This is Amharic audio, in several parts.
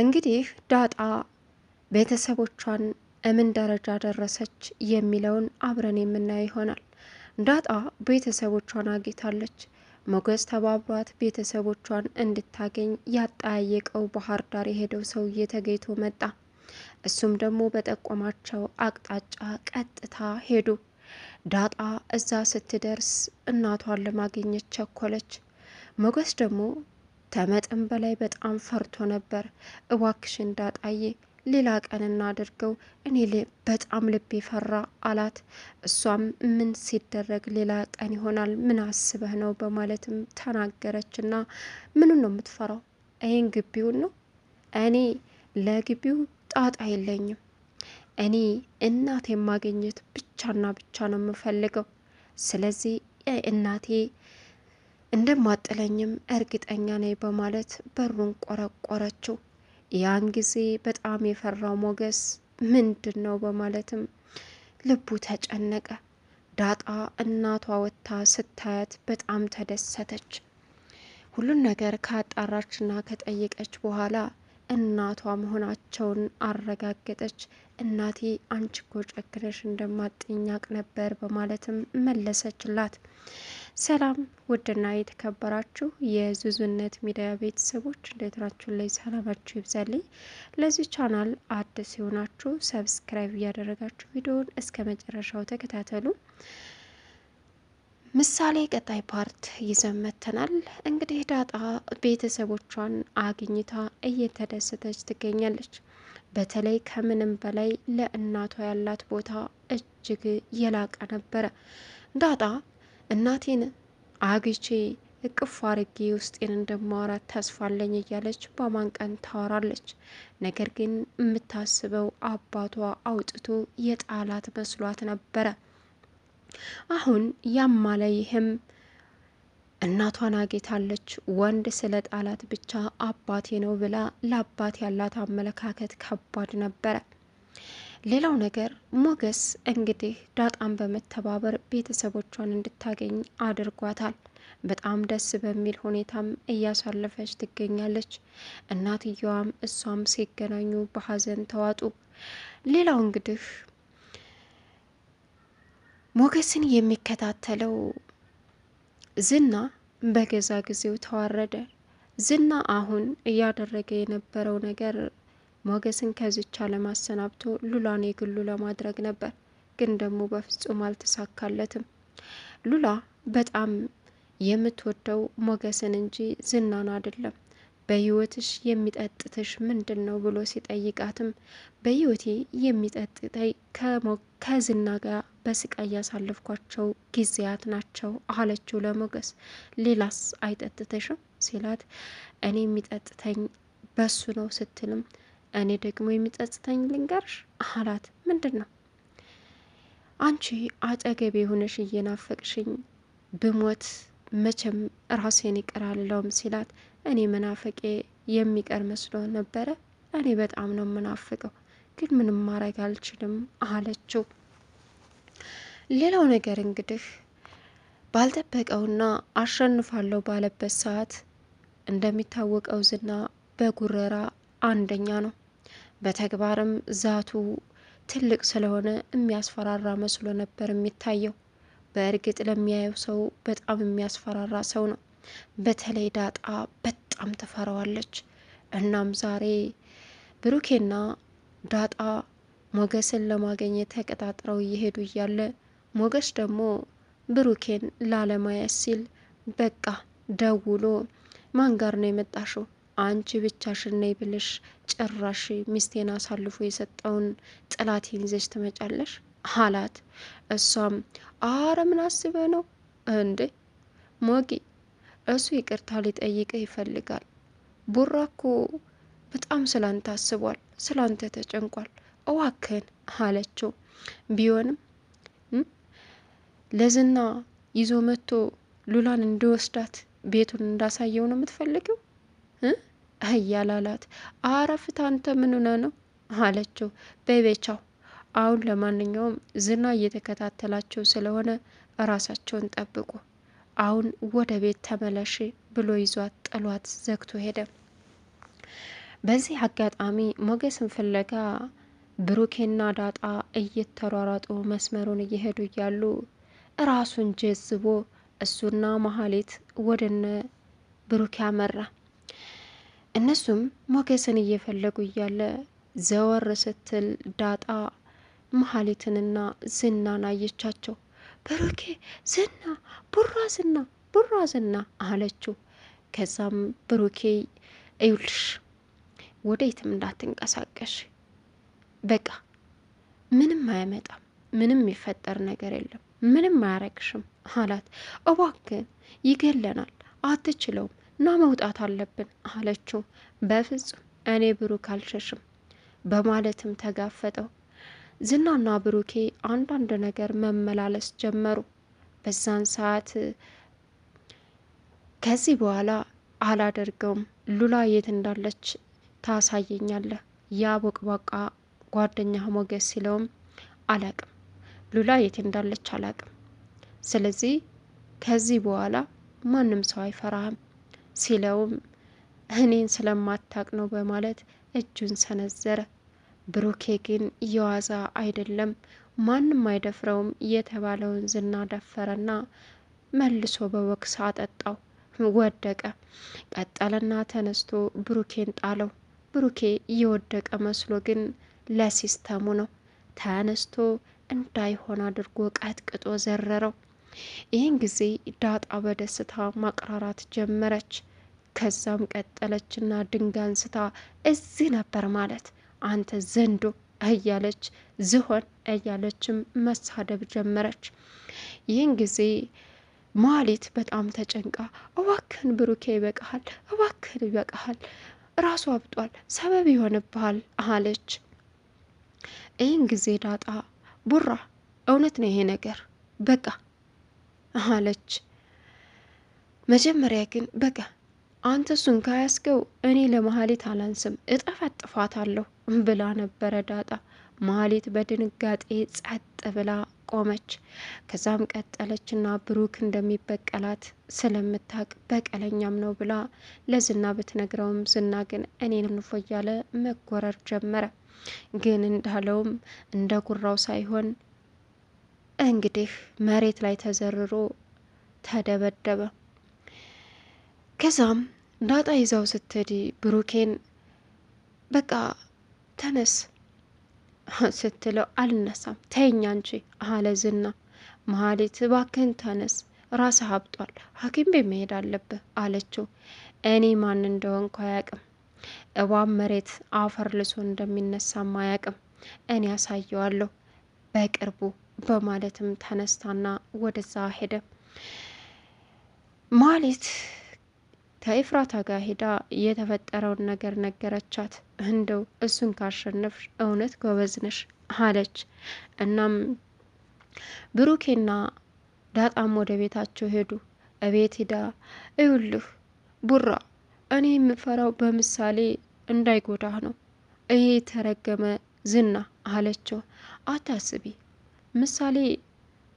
እንግዲህ ዳጣ ቤተሰቦቿን እምን ደረጃ ደረሰች የሚለውን አብረን የምናየው ይሆናል። ዳጣ ቤተሰቦቿን አግኝታለች። ሞገስ ተባብሯት ቤተሰቦቿን እንድታገኝ ያጠያየቀው ባህር ዳር የሄደው ሰውዬ ተገኝቶ መጣ። እሱም ደግሞ በጠቆማቸው አቅጣጫ ቀጥታ ሄዱ። ዳጣ እዛ ስትደርስ እናቷን ለማግኘት ቸኮለች። ሞገስ ደግሞ ከመጠን በላይ በጣም ፈርቶ ነበር። እባክሽ እንዳጣዬ ሌላ ቀን እናድርገው፣ እኔ በጣም ልቤ ፈራ አላት። እሷም ምን ሲደረግ ሌላ ቀን ይሆናል፣ ምን አስበህ ነው በማለትም ተናገረች። ና ምኑን ነው የምትፈራው? ይህን ግቢውን ነው። እኔ ለግቢው ጣጣ የለኝም። እኔ እናቴ ማግኘት ብቻና ብቻ ነው የምፈልገው። ስለዚህ እናቴ እንደማጥለኝም እርግጠኛ ነኝ በማለት በሩን ቆረቆረችው። ያን ጊዜ በጣም የፈራው ሞገስ ምንድን ነው በማለትም ልቡ ተጨነቀ። ዳጣ እናቷ ወጥታ ስታያት በጣም ተደሰተች። ሁሉን ነገር ካጣራችና ከጠየቀች በኋላ እናቷ መሆናቸውን አረጋገጠች። እናቴ አንቺ እኮ ጨክነሽ እንደማጥኛቅ ነበር በማለትም መለሰችላት። ሰላም ውድና የተከበራችሁ የዙዙነት ሚዲያ ቤተሰቦች እንዴት ናችሁ? ላይ ሰላማችሁ ይብዛልኝ። ለዚህ ቻናል አዲስ የሆናችሁ ሰብስክራይብ እያደረጋችሁ ቪዲዮን እስከ መጨረሻው ተከታተሉ። ምሳሌ ቀጣይ ፓርት ይዘን መጥተናል። እንግዲህ ዳጣ ቤተሰቦቿን አግኝታ እየተደሰተች ትገኛለች። በተለይ ከምንም በላይ ለእናቷ ያላት ቦታ እጅግ የላቀ ነበረ ዳጣ እናቴን አግቼ እቅፍ አርጌ ውስጤን እንደማወራት ተስፋለኝ እያለች እያለች በማንቀን ታወራለች። ነገር ግን የምታስበው አባቷ አውጥቶ የጣላት መስሏት ነበረ። አሁን ያማለ ይህም እናቷን አጌታለች። ወንድ ስለ ጣላት ብቻ አባቴ ነው ብላ ለአባት ያላት አመለካከት ከባድ ነበረ። ሌላው ነገር ሞገስ እንግዲህ ዳጣን በመተባበር ቤተሰቦቿን እንድታገኝ አድርጓታል። በጣም ደስ በሚል ሁኔታም እያሳለፈች ትገኛለች። እናትየዋም እሷም ሲገናኙ በሀዘን ተዋጡ። ሌላው እንግዲህ ሞገስን የሚከታተለው ዝና በገዛ ጊዜው ተዋረደ። ዝና አሁን እያደረገ የነበረው ነገር ሞገስን ከዚች ዓለም አሰናብቶ ሉላን የግሉ ለማድረግ ነበር። ግን ደግሞ በፍጹም አልተሳካለትም። ሉላ በጣም የምትወደው ሞገስን እንጂ ዝናን አይደለም። በህይወትሽ የሚጠጥትሽ ምንድን ነው ብሎ ሲጠይቃትም በህይወቴ የሚጠጥተኝ ከዝና ጋር በስቃይ ያሳለፍኳቸው ጊዜያት ናቸው አለችው ለሞገስ። ሌላስ አይጠጥተሽም ሲላት እኔ የሚጠጥተኝ በሱ ነው ስትልም እኔ ደግሞ የሚጸጽተኝ ልንገርሽ አላት። ምንድን ነው? አንቺ አጠገቤ የሆነሽ እየናፈቅሽኝ ብሞት መቼም ራሴን ይቅር ሲላት፣ እኔ መናፈቄ የሚቀር መስሎ ነበረ። እኔ በጣም ነው የምናፍቀው፣ ግን ምንም ማድረግ አልችልም አለችው። ሌላው ነገር እንግዲህ ባልጠበቀውና አሸንፋለሁ ባለበት ሰዓት እንደሚታወቀው ዝና በጉረራ አንደኛ ነው። በተግባርም ዛቱ ትልቅ ስለሆነ የሚያስፈራራ መስሎ ነበር የሚታየው። በእርግጥ ለሚያየው ሰው በጣም የሚያስፈራራ ሰው ነው። በተለይ ዳጣ በጣም ትፈራዋለች። እናም ዛሬ ብሩኬና ዳጣ ሞገስን ለማገኘት ተቀጣጥረው እየሄዱ እያለ ሞገስ ደግሞ ብሩኬን ላለማየት ሲል በቃ ደውሎ ማን ጋር ነው የመጣሽው? አንቺ ብቻሽን ነይ ብለሽ ጭራሽ ሚስቴን አሳልፎ የሰጠውን ጥላቴን ይዘሽ ትመጫለሽ አላት። እሷም አረ ምን አስበ ነው እንዴ ሞጊ፣ እሱ ይቅርታ ሊጠይቅህ ይፈልጋል። ቡራኮ በጣም ስላንተ አስቧል፣ ስላንተ ተጨንቋል። እዋክን አለችው። ቢሆንም ለዝና ይዞ መጥቶ ሉላን እንዲወስዳት ቤቱን እንዳሳየው ነው የምትፈልገው እያለ አረፍት አንተ ምን ሆነ ነው አለችው። በቤቻው አሁን ለማንኛውም ዝና እየተከታተላቸው ስለሆነ እራሳቸውን ጠብቁ፣ አሁን ወደ ቤት ተመለሽ ብሎ ይዟት ጥሏት ዘግቶ ሄደ። በዚህ አጋጣሚ ሞገስን ፍለጋ ብሩኬና ዳጣ እየተሯሯጡ መስመሩን እየሄዱ እያሉ ራሱን ጀዝቦ እሱና መሀሌት ወደነ ብሩኬ አመራ። እነሱም ሞገስን እየፈለጉ እያለ ዘወር ስትል ዳጣ መሀሊትንና ዝናን አየቻቸው። ብሩኬ ዝና፣ ቡራ ዝና፣ ቡራ ዝና አለችው። ከዛም ብሩኬ እዩልሽ ወዴትም እንዳትንቀሳቀሽ፣ በቃ ምንም አያመጣም፣ ምንም የሚፈጠር ነገር የለም፣ ምንም አያረግሽም አላት። እባክህ ይገለናል፣ አትችለውም ና መውጣት አለብን አለችው። በፍጹም እኔ ብሩክ አልሸሽም በማለትም ተጋፈጠው። ዝናና ብሩኬ አንዳንድ ነገር መመላለስ ጀመሩ። በዛን ሰዓት ከዚህ በኋላ አላደርገውም፣ ሉላ የት እንዳለች ታሳየኛለህ፣ ያ ቦቅቧቃ ጓደኛ ሞገስ ሲለውም አላቅም፣ ሉላ የት እንዳለች አላቅም። ስለዚህ ከዚህ በኋላ ማንም ሰው አይፈራህም ሲለውም እኔን ስለማታቅ ነው በማለት እጁን ሰነዘረ። ብሩኬ ግን የዋዛ አይደለም፣ ማንም አይደፍረውም የተባለውን ዝና ደፈረና መልሶ በወቅስ አጠጣው። ወደቀ። ቀጠለና ተነስቶ ብሩኬን ጣለው። ብሩኬ የወደቀ መስሎ ግን ለሲስተሙ ነው። ተነስቶ እንዳይሆን አድርጎ ቀጥቅጦ ዘረረው። ይህን ጊዜ ዳጣ በደስታ ማቅራራት ጀመረች። ከዛም ቀጠለችና ድንጋይ አንስታ እዚህ ነበር ማለት አንተ ዘንዶ እያለች ዝሆን እያለችም መሳደብ ጀመረች። ይህን ጊዜ ማሊት በጣም ተጨንቃ እባክህን ብሩኬ ይበቃሃል፣ እባክህን ይበቃሃል፣ ራሱ አብጧል፣ ሰበብ ይሆንብሃል አለች። ይህን ጊዜ ዳጣ ቡራ እውነት ነው ይሄ ነገር በቃ አለች። መጀመሪያ ግን በቃ አንተ እሱን ካያስገው እኔ ለመሀሌት አላንስም እጠፈጥፋታለሁ ብላ ነበረ ዳጣ። መሀሌት በድንጋጤ ጸጥ ብላ ቆመች። ከዛም ቀጠለችና ብሩክ እንደሚበቀላት ስለምታቅ በቀለኛም ነው ብላ ለዝና ብትነግረውም ዝና ግን እኔን ንፎ እያለ መጎረር ጀመረ። ግን እንዳለውም እንደ ጉራው ሳይሆን እንግዲህ መሬት ላይ ተዘርሮ ተደበደበ። ከዛም ዳጣ ይዛው ስትሄድ ብሩኬን በቃ ተነስ ስትለው አልነሳም ተኛ እንጂ አለ ዝና። መሀሊት እባክህን ተነስ ራስህ አብጧል፣ ሐኪም ቤት መሄድ አለብህ አለችው። እኔ ማን እንደሆንኩ አያውቅም? እባብ መሬት አፈር ልሶ እንደሚነሳም አያውቅም እኔ ያሳየዋለሁ በቅርቡ በማለትም ተነስታና ወደዛ ሄደ። ማሌት ከኤፍራታ ጋር ሄዳ የተፈጠረውን ነገር ነገረቻት። እንደው እሱን ካሸነፍ እውነት ጎበዝ ነሽ አለች። እናም ብሩኬና ዳጣም ወደ ቤታቸው ሄዱ። እቤት ሂዳ እዩልህ ቡራ፣ እኔ የምፈራው በምሳሌ እንዳይጎዳህ ነው ይሄ የተረገመ ዝና አለችው። አታስቢ ምሳሌ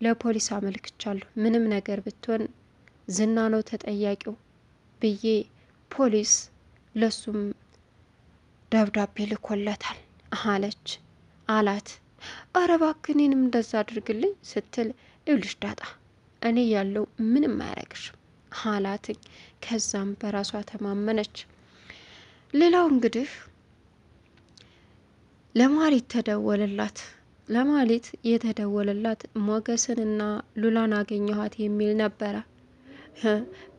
ለፖሊስ አመልክቻለሁ፣ ምንም ነገር ብትሆን ዝና ነው ተጠያቂው ብዬ ፖሊስ ለሱም ደብዳቤ ልኮለታል አለች አላት። አረ እባክህ እኔንም እንደዛ አድርግልኝ ስትል ይውልሽ ዳጣ እኔ ያለው ምንም አያረግሽም አላትኝ። ከዛም በራሷ ተማመነች። ሌላው እንግዲህ ለማሪት ተደወለላት። ለማሌት የተደወለላት ሞገስንና ሉላን አገኘኋት የሚል ነበረ።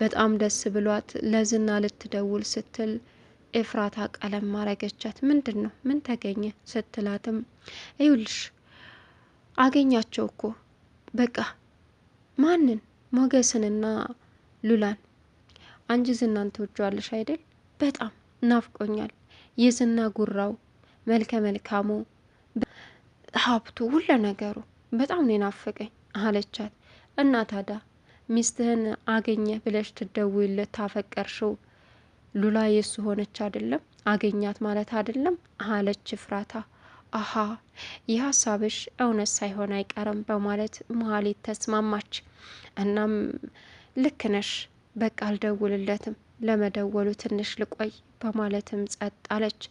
በጣም ደስ ብሏት ለዝና ልትደውል ስትል ኤፍራታ ቀለም ማረገቻት። ምንድን ነው ምን ተገኘ ስትላትም ይውልሽ አገኛቸው እኮ በቃ ማንን? ሞገስንና ሉላን። አንቺ ዝናን ትወጇዋለሽ አይደል? በጣም ናፍቆኛል። የዝና ጉራው መልከ መልካሙ ሀብቱ፣ ሁለ ነገሩ በጣም ነው የናፈቀኝ አለቻት። እና ታዳ ሚስትህን አገኘ ብለሽ ትደውይለት ታፈቀርሽው ሉላ የሱ ሆነች አይደለም አገኛት ማለት አይደለም አለች ፍራታ። አሀ የሀሳብሽ እውነት ሳይሆን አይቀርም በማለት መሀሌት ተስማማች። እናም ልክ ነሽ፣ በቃ አልደውልለትም ለመደወሉ ትንሽ ልቆይ በማለትም ጸጥ አለች።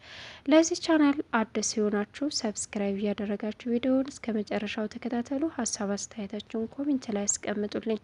ለዚህ ቻናል አዲስ የሆናችሁ ሰብስክራይብ እያደረጋችሁ ቪዲዮውን እስከ መጨረሻው ተከታተሉ። ሀሳብ አስተያየታችሁን ኮሜንት ላይ አስቀምጡልኝ።